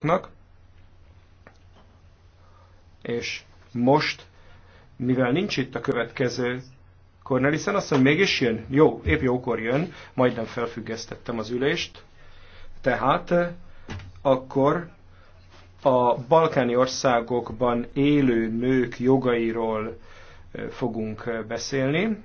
nak, és most, mivel nincs itt a következő Cornelissen, azt mondja, mégis jön. Jó, épp jókor jön, majdnem felfüggesztettem az ülést. Tehát eh, akkor a balkáni országokban élő nők jogairól eh, fogunk eh, beszélni.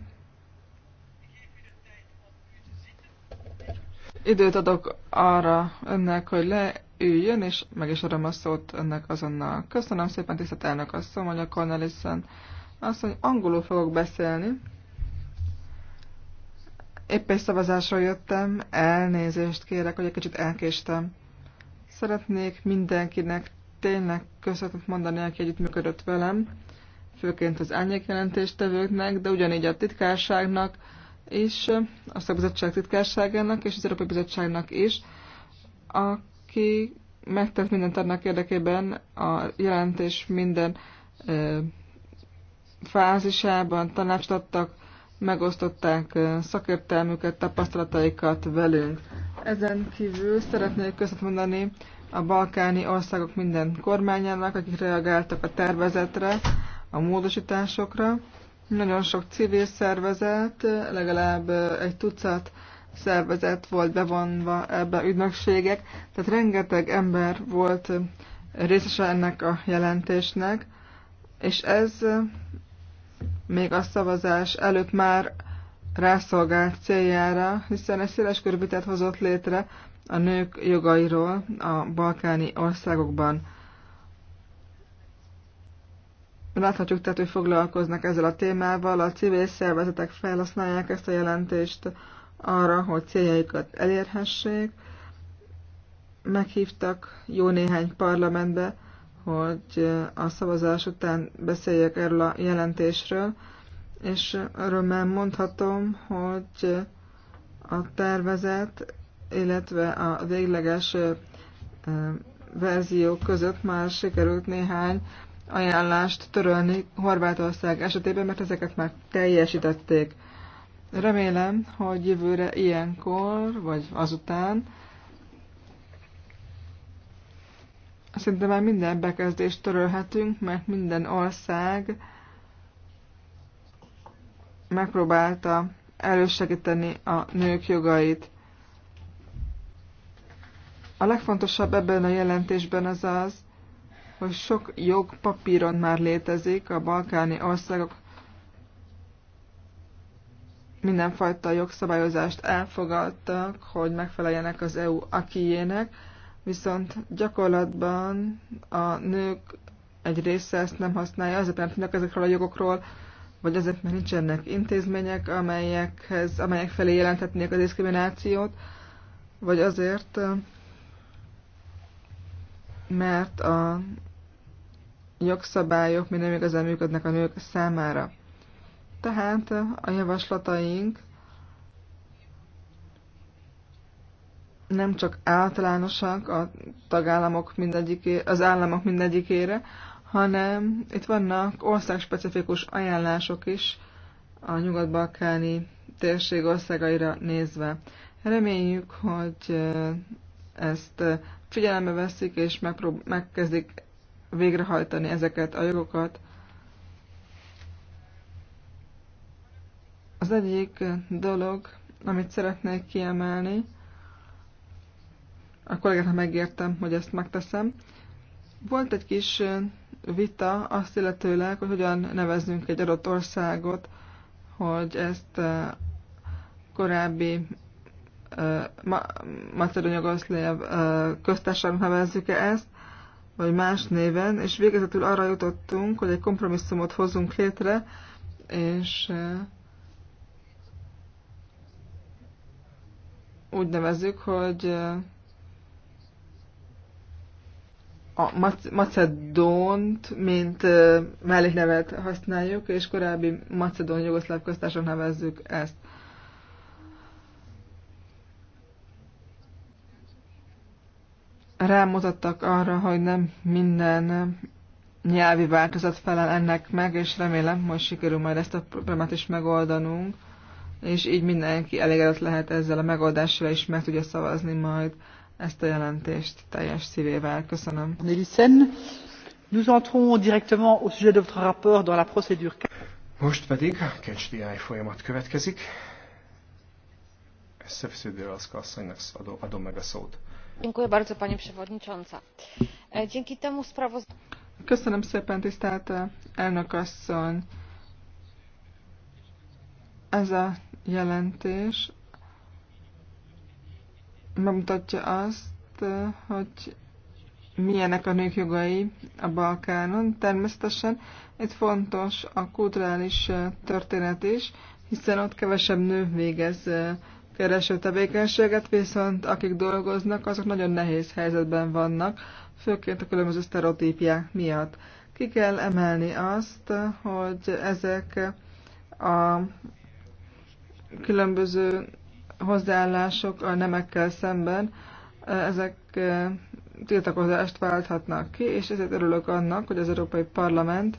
Időt adok arra önnek, hogy le üljön, és meg is adom a szót önnek azonnal. Köszönöm szépen, tisztelt elnök asszony, mondja Cornelissen. Azt mondja, angolul fogok beszélni. Épp egy szavazásra jöttem, elnézést kérek, hogy egy kicsit elkéstem. Szeretnék mindenkinek tényleg köszönetet mondani, aki együttműködött velem, főként az árnyékjelentéstevőknek, de ugyanígy a titkárságnak, és a szakbizottság titkárságának, és az Európai Bizottságnak is, aki megtett mindent annak érdekében a jelentés minden ö, fázisában tanácsot adtak, megosztották szakértelmüket, tapasztalataikat velünk. Ezen kívül szeretnék köszönet mondani a balkáni országok minden kormányának, akik reagáltak a tervezetre, a módosításokra. Nagyon sok civil szervezet, legalább egy tucat szervezet volt bevonva ebbe ügynökségek, tehát rengeteg ember volt részese ennek a jelentésnek, és ez még a szavazás előtt már rászolgált céljára, hiszen egy széles körvitát hozott létre a nők jogairól a balkáni országokban. Láthatjuk tehát, hogy foglalkoznak ezzel a témával, a civil szervezetek felhasználják ezt a jelentést arra, hogy céljaikat elérhessék. Meghívtak jó néhány parlamentbe, hogy a szavazás után beszéljek erről a jelentésről, és örömmel mondhatom, hogy a tervezet, illetve a végleges verzió között már sikerült néhány ajánlást törölni Horvátország esetében, mert ezeket már teljesítették. Remélem, hogy jövőre ilyenkor, vagy azután, szerintem már minden bekezdést törölhetünk, mert minden ország megpróbálta elősegíteni a nők jogait. A legfontosabb ebben a jelentésben az az, hogy sok jog papíron már létezik a balkáni országok mindenfajta jogszabályozást elfogadtak, hogy megfeleljenek az EU akijének, viszont gyakorlatban a nők egy része ezt nem használja, azért nem tudnak ezekről a jogokról, vagy azért, mert nincsenek intézmények, amelyekhez, amelyek felé jelentetnék a diszkriminációt, vagy azért, mert a jogszabályok még nem igazán működnek a nők számára. Tehát a javaslataink nem csak általánosak a tagállamok mindegyiké, az államok mindegyikére, hanem itt vannak országspecifikus ajánlások is a nyugat-balkáni térség országaira nézve. Reméljük, hogy ezt figyelembe veszik és megkezdik végrehajtani ezeket a jogokat. Az egyik dolog, amit szeretnék kiemelni, a kollégáknak megértem, hogy ezt megteszem. Volt egy kis vita azt illetőleg, hogy hogyan nevezzünk egy adott országot, hogy ezt korábbi macedonia macedon köztársaságnak nevezzük-e ezt, vagy más néven, és végezetül arra jutottunk, hogy egy kompromisszumot hozzunk létre, és úgy nevezzük, hogy a Macedónt, mint melléknevet használjuk, és korábbi Macedón Jugoszláv köztársak nevezzük ezt. Rámutattak arra, hogy nem minden nyelvi változat felel ennek meg, és remélem, hogy sikerül majd ezt a problémát is megoldanunk és így mindenki elégedett lehet ezzel a megoldással, és meg tudja szavazni majd ezt a jelentést teljes szívével. Köszönöm. nous entrons directement au sujet de votre rapport dans la procédure. Most pedig a KCDI folyamat következik. Szefsződőlaszka asszonynak adom, adom meg a szót. E, Köszönöm szépen, tisztelt e, elnök asszony. Ez a jelentés bemutatja azt, hogy milyenek a nők jogai a Balkánon. Természetesen itt fontos a kulturális történet is, hiszen ott kevesebb nő végez eh, kereső tevékenységet, viszont akik dolgoznak, azok nagyon nehéz helyzetben vannak, főként a különböző sztereotípiák miatt. Ki kell emelni azt, hogy ezek a különböző hozzáállások a nemekkel szemben, eh, ezek eh, tiltakozást válthatnak ki, és ezért örülök annak, hogy az Európai Parlament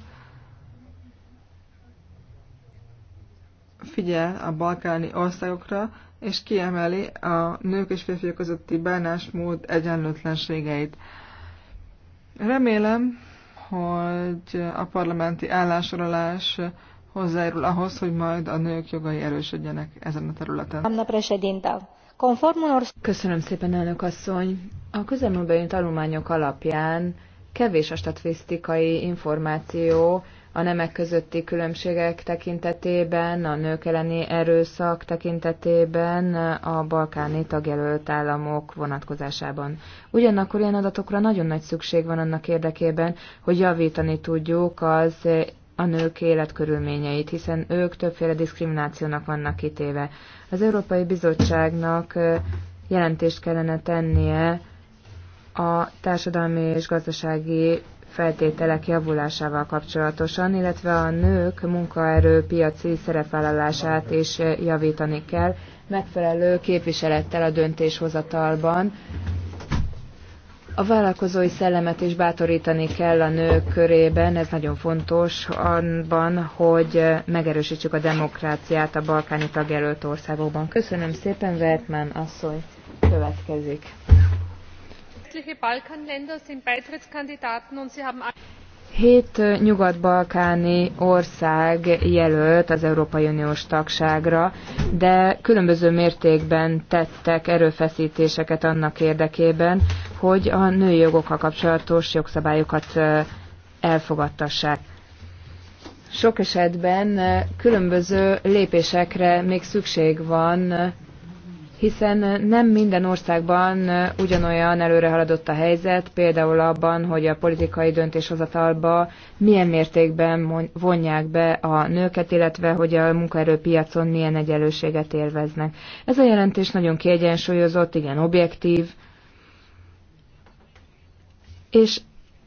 figyel a balkáni országokra, és kiemeli a nők és férfiak közötti bánásmód egyenlőtlenségeit. Remélem, hogy a parlamenti állásolás hozzájárul ahhoz, hogy majd a nők jogai erősödjenek ezen a területen. Köszönöm szépen, elnök asszony. A közelmúltbeli tanulmányok alapján kevés a statisztikai információ a nemek közötti különbségek tekintetében, a nők elleni erőszak tekintetében, a balkáni tagjelölt államok vonatkozásában. Ugyanakkor ilyen adatokra nagyon nagy szükség van annak érdekében, hogy javítani tudjuk az a nők életkörülményeit, hiszen ők többféle diszkriminációnak vannak kitéve. Az Európai Bizottságnak jelentést kellene tennie a társadalmi és gazdasági feltételek javulásával kapcsolatosan, illetve a nők munkaerőpiaci szerepvállalását is javítani kell, megfelelő képviselettel a döntéshozatalban, a vállalkozói szellemet is bátorítani kell a nők körében, ez nagyon fontos abban, hogy megerősítsük a demokráciát a balkáni tagjelölt országokban. Köszönöm szépen, Vertmán asszony következik. Hét nyugat-balkáni ország jelölt az Európai Uniós tagságra, de különböző mértékben tettek erőfeszítéseket annak érdekében, hogy a női jogokkal kapcsolatos jogszabályokat elfogadtassák. Sok esetben különböző lépésekre még szükség van hiszen eh, nem minden országban eh, ugyanolyan előre haladott a helyzet, például abban, hogy a politikai döntéshozatalba milyen mértékben vonják be a nőket, illetve hogy a munkaerőpiacon milyen egyenlőséget élveznek. Ez a jelentés nagyon kiegyensúlyozott, igen objektív, és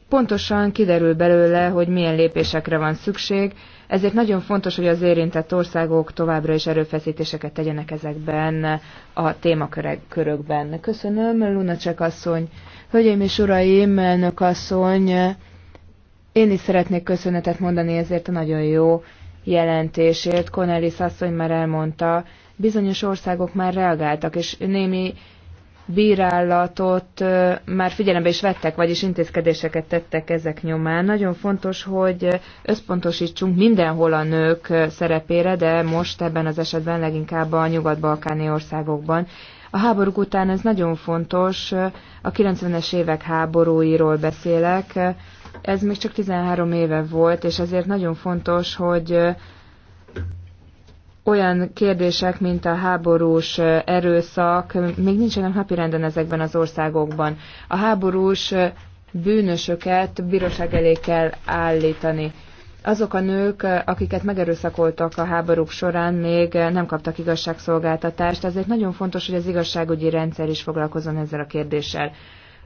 pontosan kiderül belőle, hogy milyen lépésekre van szükség, ezért nagyon fontos, hogy az érintett országok továbbra is erőfeszítéseket tegyenek ezekben a témakörökben. Köszönöm, Lunacek asszony. Hölgyeim és uraim, elnök asszony, én is szeretnék köszönetet mondani ezért a nagyon jó jelentésért. Cornelis asszony már elmondta, bizonyos országok már reagáltak, és némi bírálatot már figyelembe is vettek, vagyis intézkedéseket tettek ezek nyomán. Nagyon fontos, hogy összpontosítsunk mindenhol a nők szerepére, de most ebben az esetben leginkább a nyugat-balkáni országokban. A háborúk után ez nagyon fontos, a 90-es évek háborúiról beszélek, ez még csak 13 éve volt, és ezért nagyon fontos, hogy olyan kérdések, mint a háborús erőszak még nincsenek napirenden ezekben az országokban. A háborús bűnösöket bíróság elé kell állítani. Azok a nők, akiket megerőszakoltak a háborúk során, még nem kaptak igazságszolgáltatást, ezért nagyon fontos, hogy az igazságügyi rendszer is foglalkozon ezzel a kérdéssel.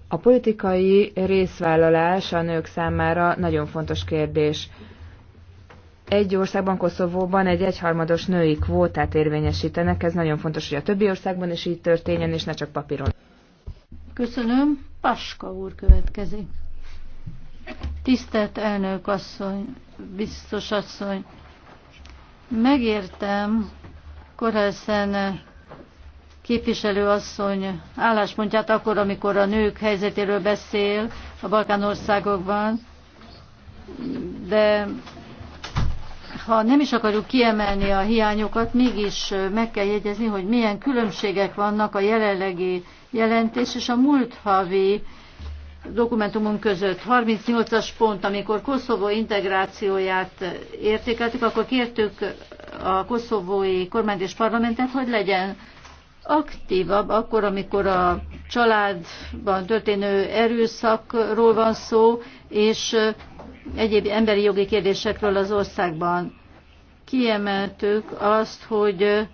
A politikai részvállalás a nők számára nagyon fontos kérdés egy országban, Koszovóban egy egyharmados női kvótát érvényesítenek. Ez nagyon fontos, hogy a többi országban is így történjen, és ne csak papíron. Köszönöm. Paska úr következik. Tisztelt elnök asszony, biztos asszony, megértem Korelszen képviselő asszony álláspontját akkor, amikor a nők helyzetéről beszél a Balkán országokban, de ha nem is akarjuk kiemelni a hiányokat, mégis meg kell jegyezni, hogy milyen különbségek vannak a jelenlegi jelentés és a múlt havi dokumentumunk között. 38-as pont, amikor Koszovó integrációját értékeltük, akkor kértük a koszovói kormányt és parlamentet, hogy legyen aktívabb akkor, amikor a családban történő erőszakról van szó, és egyéb emberi jogi kérdésekről az országban kiemeltük azt, hogy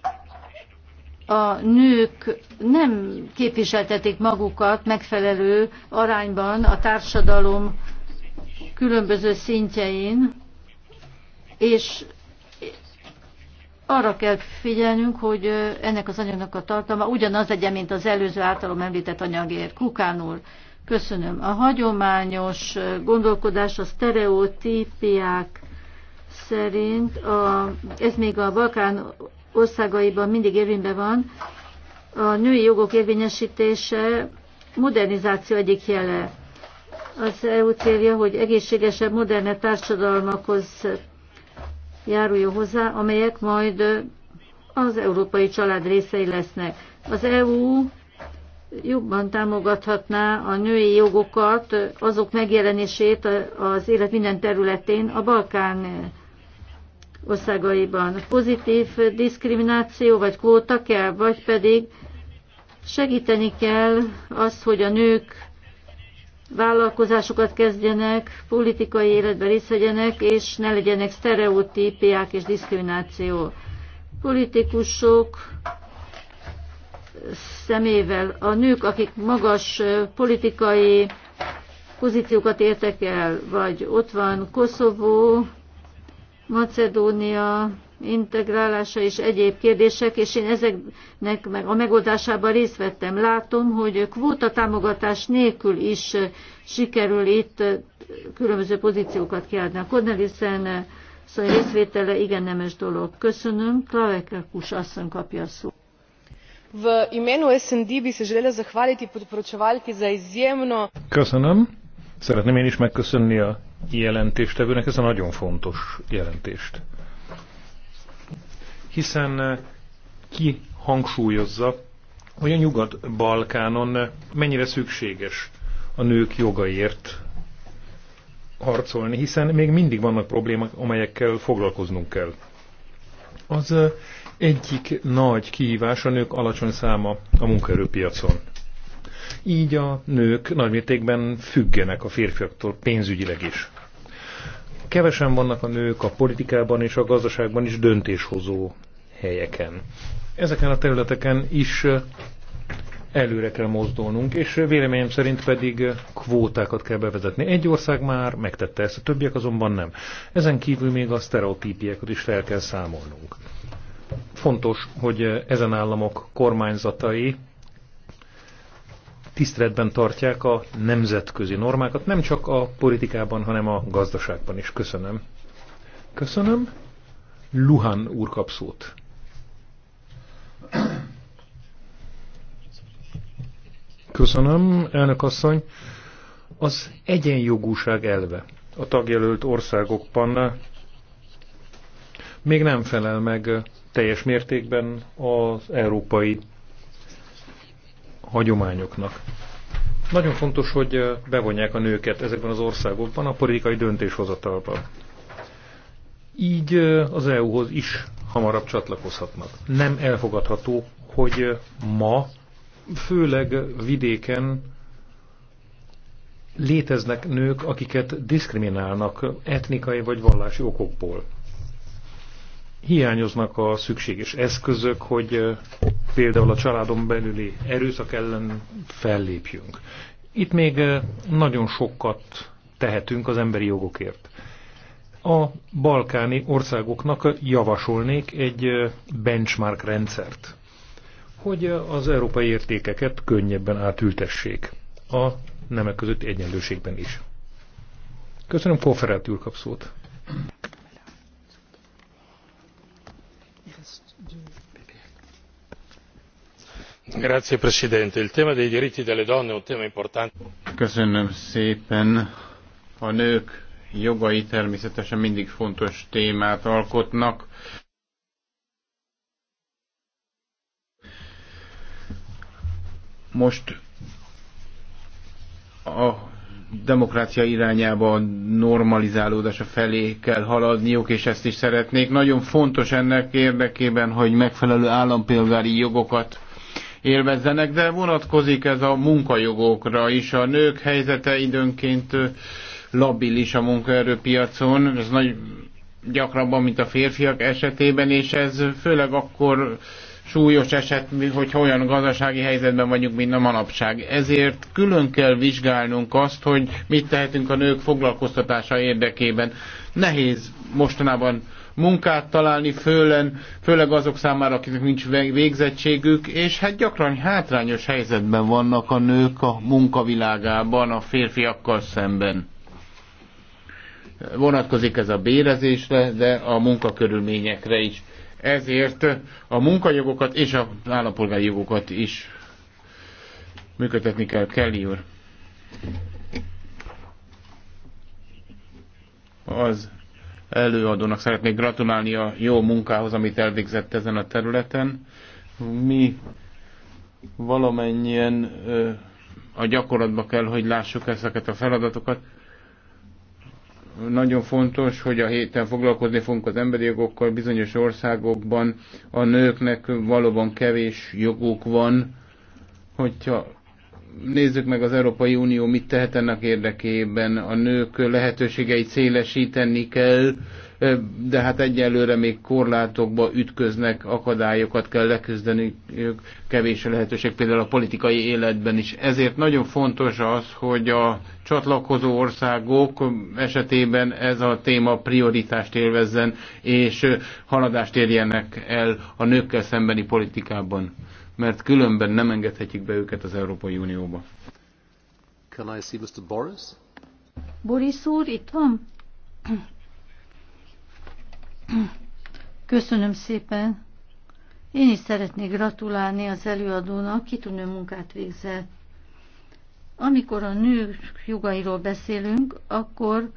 a nők nem képviseltetik magukat megfelelő arányban a társadalom különböző szintjein, és arra kell figyelnünk, hogy ennek az anyagnak a tartalma ugyanaz legyen, mint az előző általam említett anyagért. Kukán úr, köszönöm. A hagyományos gondolkodás, a sztereotípiák szerint a, ez még a Balkán országaiban mindig érvényben van, a női jogok érvényesítése modernizáció egyik jele. Az EU célja, hogy egészségesebb, moderne társadalmakhoz járuljon hozzá, amelyek majd az európai család részei lesznek. Az EU jobban támogathatná a női jogokat, azok megjelenését az élet minden területén a Balkán országaiban. Pozitív diszkrimináció vagy kvóta kell, vagy pedig segíteni kell az, hogy a nők vállalkozásokat kezdjenek, politikai életben részvegyenek, és ne legyenek sztereotípiák és diszkrimináció. Politikusok szemével a nők, akik magas politikai pozíciókat értek el, vagy ott van Koszovó, Macedónia integrálása és egyéb kérdések, és én ezeknek meg a megoldásában részt vettem. Látom, hogy kvóta támogatás nélkül is sikerül itt különböző pozíciókat kiadni. A Cornelissen szóval részvétele igen nemes dolog. Köszönöm. Klaveke Kus asszony kapja a szót. V imenu SND bi se želela zahvaliti podporočevalki za izjemno... Köszönöm. Szeretném én is megköszönni a jelentéstevőnek, ez a nagyon fontos jelentést. Hiszen eh, ki hangsúlyozza, hogy a Nyugat-Balkánon eh, mennyire szükséges a nők jogaiért harcolni, hiszen még mindig vannak problémák, amelyekkel foglalkoznunk kell. Az eh, egyik nagy kihívás a nők alacsony száma a munkaerőpiacon. Így a nők nagymértékben függenek a férfiaktól pénzügyileg is. Kevesen vannak a nők a politikában és a gazdaságban is döntéshozó helyeken. Ezeken a területeken is előre kell mozdulnunk, és véleményem szerint pedig kvótákat kell bevezetni. Egy ország már megtette ezt, a többiek azonban nem. Ezen kívül még a sztereotípiákat is fel kell számolnunk. Fontos, hogy ezen államok kormányzatai tiszteletben tartják a nemzetközi normákat, nem csak a politikában, hanem a gazdaságban is. Köszönöm. Köszönöm. Luhan úr kap szót. Köszönöm, elnök asszony. Az egyenjogúság elve a tagjelölt országokban még nem felel meg teljes mértékben az európai hagyományoknak. Nagyon fontos, hogy bevonják a nőket ezekben az országokban a politikai döntéshozatalban. Így az EU-hoz is hamarabb csatlakozhatnak. Nem elfogadható, hogy ma, főleg vidéken léteznek nők, akiket diszkriminálnak etnikai vagy vallási okokból. Hiányoznak a szükséges eszközök, hogy például a családon belüli erőszak ellen fellépjünk. Itt még nagyon sokat tehetünk az emberi jogokért. A balkáni országoknak javasolnék egy benchmark rendszert, hogy az európai értékeket könnyebben átültessék a nemek közötti egyenlőségben is. Köszönöm, Konferált úr kap Grazie Presidente. Il tema dei diritti delle donne è un tema importante. Köszönöm szépen. A nők jogai természetesen mindig fontos témát alkotnak. Most a demokrácia irányába a normalizálódása felé kell haladniuk, és ezt is szeretnék. Nagyon fontos ennek érdekében, hogy megfelelő állampolgári jogokat élvezzenek, de vonatkozik ez a munkajogokra is. A nők helyzete időnként labilis a munkaerőpiacon, ez nagy gyakrabban, mint a férfiak esetében, és ez főleg akkor súlyos eset, hogy olyan gazdasági helyzetben vagyunk, mint a manapság. Ezért külön kell vizsgálnunk azt, hogy mit tehetünk a nők foglalkoztatása érdekében. Nehéz mostanában munkát találni, főlen, főleg azok számára, akiknek nincs végzettségük, és hát gyakran hátrányos helyzetben vannak a nők a munkavilágában a férfiakkal szemben. Vonatkozik ez a bérezésre, de a munkakörülményekre is. Ezért a munkajogokat és a állampolgári jogokat is működtetni kell Kelly úr. Az előadónak szeretnék gratulálni a jó munkához, amit elvégzett ezen a területen. Mi valamennyien a gyakorlatba kell, hogy lássuk ezeket a feladatokat. Nagyon fontos, hogy a héten foglalkozni fogunk az emberi jogokkal. Bizonyos országokban a nőknek valóban kevés joguk van, hogyha nézzük meg az Európai Unió mit tehet ennek érdekében. A nők lehetőségeit szélesíteni kell, de hát egyelőre még korlátokba ütköznek, akadályokat kell leküzdeni, kevés a lehetőség például a politikai életben is. Ezért nagyon fontos az, hogy a csatlakozó országok esetében ez a téma prioritást élvezzen, és haladást érjenek el a nőkkel szembeni politikában, mert különben nem engedhetjük be őket az Európai Unióba. Can I see Mr. Boris? Boris úr, itt van? Köszönöm szépen. Én is szeretnék gratulálni az előadónak, kitűnő munkát végzett. Amikor a nők jogairól beszélünk, akkor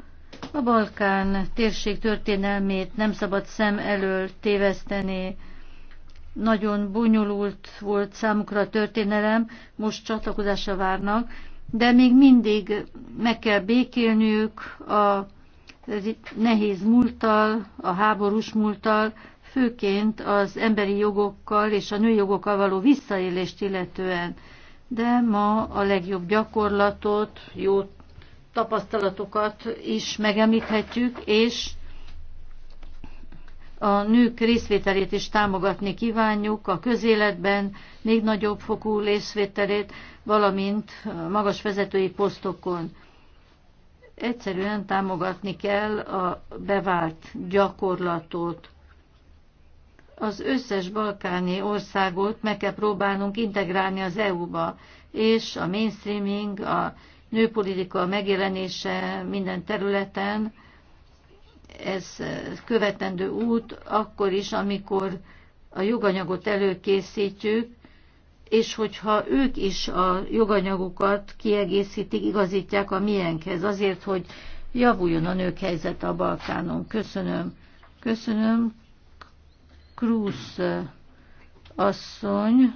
a Balkán térség történelmét nem szabad szem elől téveszteni. Nagyon bonyolult volt számukra a történelem, most csatlakozásra várnak, de még mindig meg kell békélniük a nehéz múlttal, a háborús múlttal, főként az emberi jogokkal és a nőjogokkal való visszaélést illetően. De ma a legjobb gyakorlatot, jó tapasztalatokat is megemlíthetjük, és a nők részvételét is támogatni kívánjuk, a közéletben még nagyobb fokú részvételét, valamint magas vezetői posztokon. Egyszerűen támogatni kell a bevált gyakorlatot. Az összes balkáni országot meg kell próbálnunk integrálni az EU-ba, és a mainstreaming, a nőpolitika megjelenése minden területen, ez követendő út, akkor is, amikor a joganyagot előkészítjük, és hogyha ők is a joganyagukat kiegészítik, igazítják a miénkhez, azért, hogy javuljon a nők helyzet a Balkánon. Köszönöm. Köszönöm. Krusz eh, asszony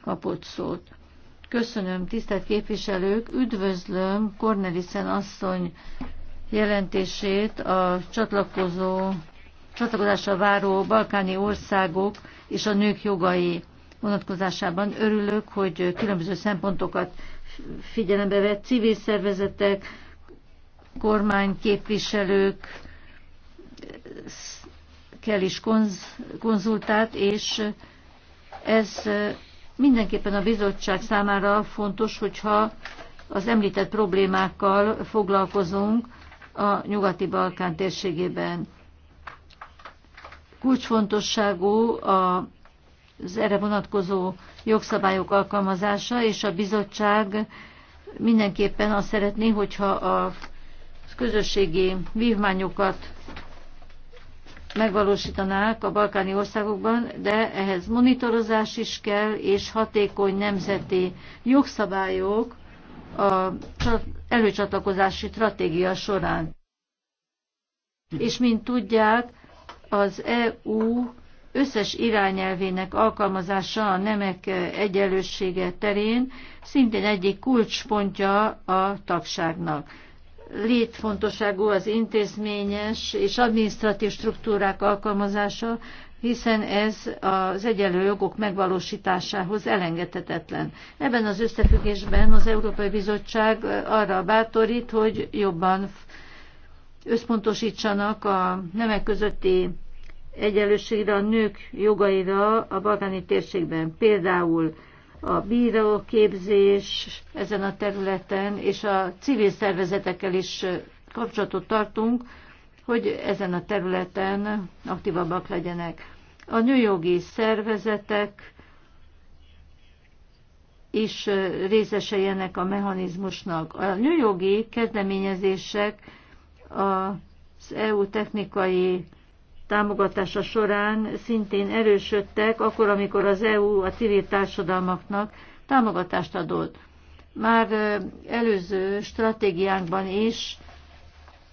kapott szót. Köszönöm, tisztelt képviselők, üdvözlöm Cornelissen asszony jelentését a csatlakozó csatlakozásra váró balkáni országok és a nők jogai vonatkozásában. Örülök, hogy különböző szempontokat figyelembe vett civil szervezetek, kormányképviselők kell is konz, konzultált, és ez mindenképpen a bizottság számára fontos, hogyha az említett problémákkal foglalkozunk a nyugati Balkán térségében kulcsfontosságú a az erre vonatkozó jogszabályok alkalmazása, és a bizottság mindenképpen azt szeretné, hogyha a közösségi vívmányokat megvalósítanák a balkáni országokban, de ehhez monitorozás is kell, és hatékony nemzeti jogszabályok a előcsatlakozási stratégia során. És mint tudják, az EU összes irányelvének alkalmazása a nemek egyenlőssége terén szintén egyik kulcspontja a tagságnak. Létfontosságú az intézményes és adminisztratív struktúrák alkalmazása, hiszen ez az egyenlő jogok megvalósításához elengedhetetlen. Ebben az összefüggésben az Európai Bizottság arra bátorít, hogy jobban összpontosítsanak a nemek közötti egyenlőségre, a nők jogaira a balkáni térségben. Például a bíróképzés ezen a területen, és a civil szervezetekkel is kapcsolatot tartunk, hogy ezen a területen aktívabbak legyenek. A nőjogi szervezetek is részesei a mechanizmusnak. A nőjogi kezdeményezések az EU technikai támogatása során szintén erősödtek, akkor, amikor az EU a civil társadalmaknak támogatást adott. Már előző stratégiánkban is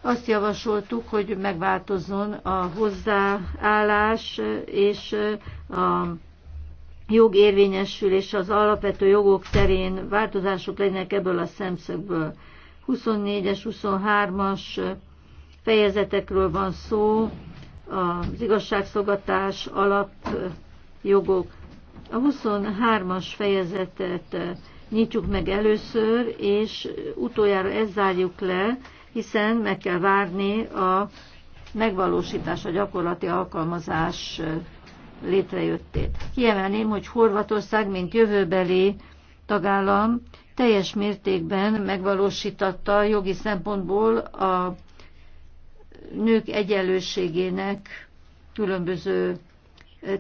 azt javasoltuk, hogy megváltozzon a hozzáállás és a jogérvényesülés az alapvető jogok terén változások legyenek ebből a szemszögből. 24-es, 23-as fejezetekről van szó, az igazságszolgatás, alapjogok. A 23-as fejezetet nyitjuk meg először, és utoljára ezt zárjuk le, hiszen meg kell várni a megvalósítás, a gyakorlati alkalmazás létrejöttét. Kiemelném, hogy Horvatország, mint jövőbeli tagállam teljes mértékben megvalósította jogi szempontból a nők egyenlőségének különböző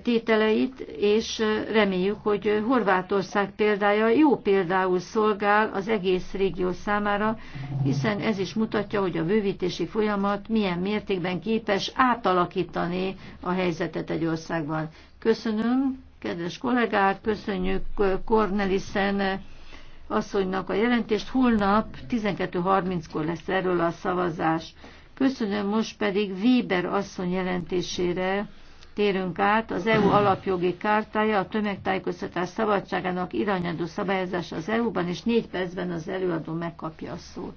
tételeit, és reméljük, hogy Horvátország példája jó például szolgál az egész régió számára, hiszen ez is mutatja, hogy a bővítési folyamat milyen mértékben képes átalakítani a helyzetet egy országban. Köszönöm, kedves kollégák, köszönjük Cornelissen asszonynak a jelentést. Holnap 12.30-kor lesz erről a szavazás. Köszönöm, most pedig Weber asszony jelentésére térünk át. Az EU alapjogi kártája a tömegtájékoztatás szabadságának irányadó szabályozása az EU-ban, és négy percben az előadó megkapja a szót.